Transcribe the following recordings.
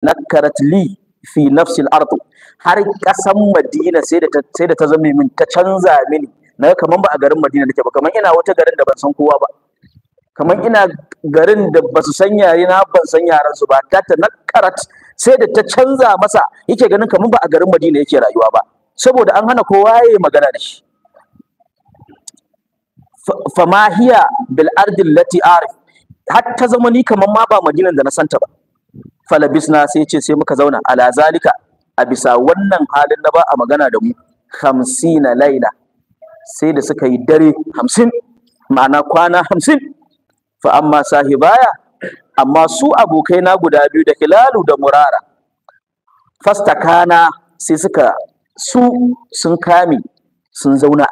Nakarat li fi nafsil ardu har kasan madina sai da sai da ta zame min ta canza mini na kaman ba a garin madina nake ba kaman ina wata garin da ban san kowa ba kaman ina garin da ba su san yare na ban san yaran su ba ta ta nakarat sai da ta canza masa yake ganin kaman ba a garin madina yake rayuwa ba saboda an hana kowa yayi magana da shi fama hiya bil ardi lati arif har ta zama ni kaman ma ba madinan da na santa ba falabisna sai ce sai muka zauna ala zalika a bisa wannan halin da ba a magana da mu hamsina laila sai da suka yi dare hamsin ma'ana kwana hamsin fa amma sahibaya amma su abokai na guda biyu da hilalu da murara fastakana sai suka su sun kame sun zauna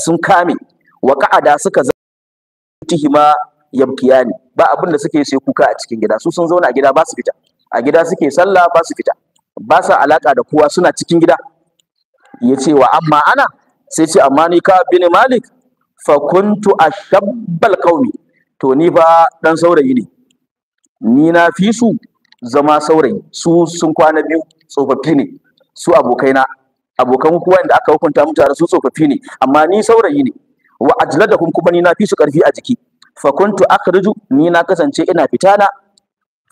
sun kame wa ka'ada suka zauna tihima yabkiyani ba abin da suke sai kuka a cikin gida su sun zauna a gida ba su fita a gida suke sallah ba su fita ba sa alaka da kowa suna cikin gida ya ce wa amma ana sai ce amma ni ka bin malik fa kuntu ashabbal qaumi to ni ba dan saurayi ne ni na fi su zama saurayi su sun kwana biyu tsofaffi ne su abokaina abokan kowa da aka hukunta mutare su tsofaffi ne amma ni saurayi ne wa ajladakum kuma ni na fi su karfi a jiki fa kuntu akhruju ni na kasance ina fitana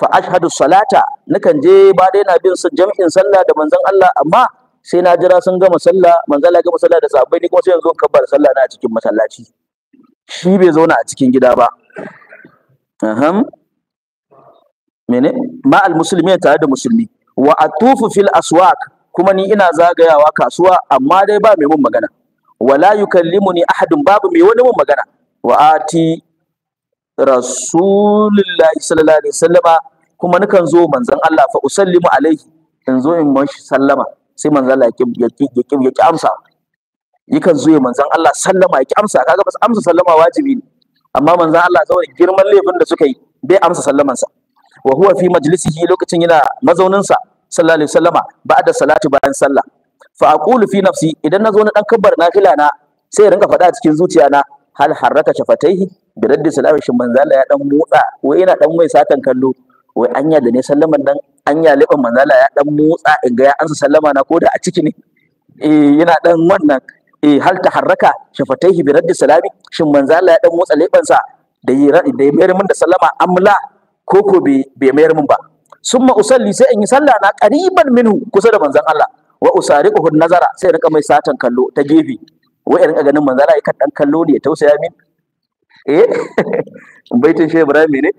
fa ashhadu salata nakan je ba dai na bin jami'in sallah da manzon Allah amma sai na jira sun gama sallah manzon Allah gama sallah da sabai ni kuma sai yanzu kabbar sallah na cikin masallaci shi bai zauna a cikin gida ba aham mene ma al muslimin tare da musulmi wa atufu fil aswaq kuma ni ina zagayawa kasuwa amma dai ba mai mun magana wala yukallimuni ahadun babu mai wani mun magana wa ati rasulullahi sallallahu alaihi wasallama kuma nukan zo manzon Allah fa usallimu alaihi in zo in mashi sallama sai manzon Allah ya ki ya ki ya ki amsa yakan zo ya manzon Allah sallama ya ki amsa kaga bas amsa sallama wajibi ne amma manzon Allah zai girman laifin da suka yi bai amsa sa wa huwa fi majlisihi lokacin yana mazauninsa sallallahu alaihi wasallama ba'da salati bayan sallah fa aqulu fi nafsi idan nazo na dan kabbar nafila na sai rinka faɗa a cikin zuciya na hal harraka shafataihi da raddi salamin shin manzala ya dan motsa wai yana dan mai satan kallo wai anya da ne sallaman dan anya liban manzala ya dan motsa in ga ya ansa sallama na koda a ciki ne eh yana dan wannan eh hal haraka shafataihi bi raddi salami shin manzala ya dan motsa sa da yi da ya mayar da sallama amla koko bai mayar mun ba summa usalli sai in yi sallah na qariban minhu kusa da manzon Allah wa usariquhu nazara sai rika mai satan kallo ta gefe Wai irin ganin manzala kan dan kallo ne ya tausaya min eh baitin shi ibrahim ne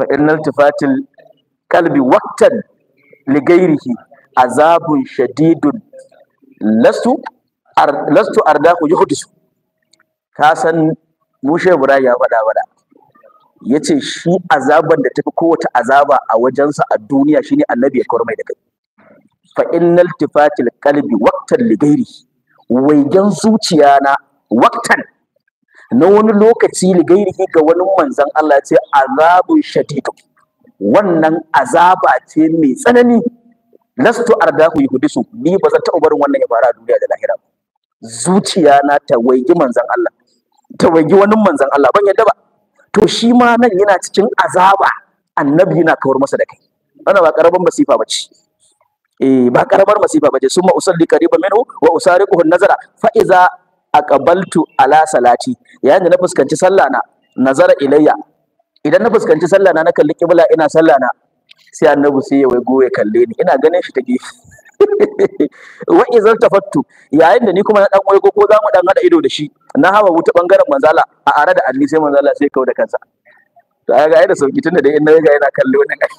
fa innal tifatil qalbi waqtan li ghairihi azabun shadidun lastu ar lastu ku yuhdisu ka san mushe ibrahim ya faɗa faɗa yace shi azaban da tafi kowace azaba a wajensa a duniya shine annabi ya kawar mai da kai fa innal tifatil qalbi waqtan li ghairihi waigen zuciya na waqtan na wani lokaci ligairihi ga wani manzan Allah ce azabun shadid wannan azaba ce mai tsanani lastu ardahu yuhdisu ni ba zan taɓa barin wannan ya fara a duniya da lahira ba zuciya na ta waigi manzan Allah ta waigi wani manzan Allah ban yadda ba to shi ma nan yana cikin azaba annabi yana kawar masa da kai wannan ba karaban masifa bace. eh ba karamar masifa bace summa usalli qariban minhu wa usariquhu nazara fa iza aqbaltu ala salati yayin da na fuskanci sallah na nazara ilayya idan na fuskanci sallah na na kalli kibla ina sallah na sai annabi sai ya wego ya kalle ni ina ganin shi ta gefe wa izal tafattu yayin da ni kuma na dan wego ko za mu dan hada ido da shi na hawa wuta bangaren manzala a are da alli sai manzala sai kawo da kansa to ai ga da sauki tunda dai in na ga yana kalle wannan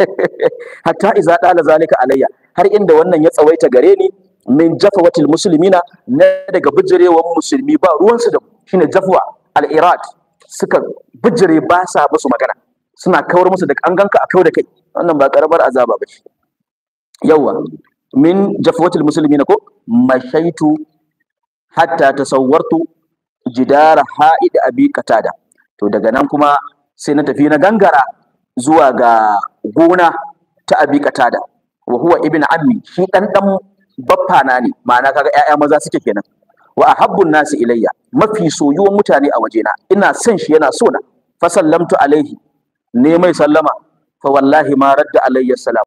hatta iza dala zalika alayya har inda wannan ya tsawaita gare ni min jafawatil muslimina na daga bijirewan musulmi ba ruwansu da shine jafwa al-irad suka bijire ba sa musu magana suna kawar musu da kanganka a kau da kai wannan ba karamar azaba ba ce yawa min jafawatil muslimina ko mashaitu hatta tasawwartu jidara ha'id abi qatada to daga nan kuma sai na tafi na gangara zuwa ga gona ta abi qatada wa huwa ibn ammi shi dan dan baffana ne ma'ana kaga ƴaƴa maza suke kenan wa ahabbun nasi ilayya mafi soyuwan mutane a wajena ina son shi yana so na fa sallamtu alaihi ne mai sallama fa wallahi ma radda alayya salam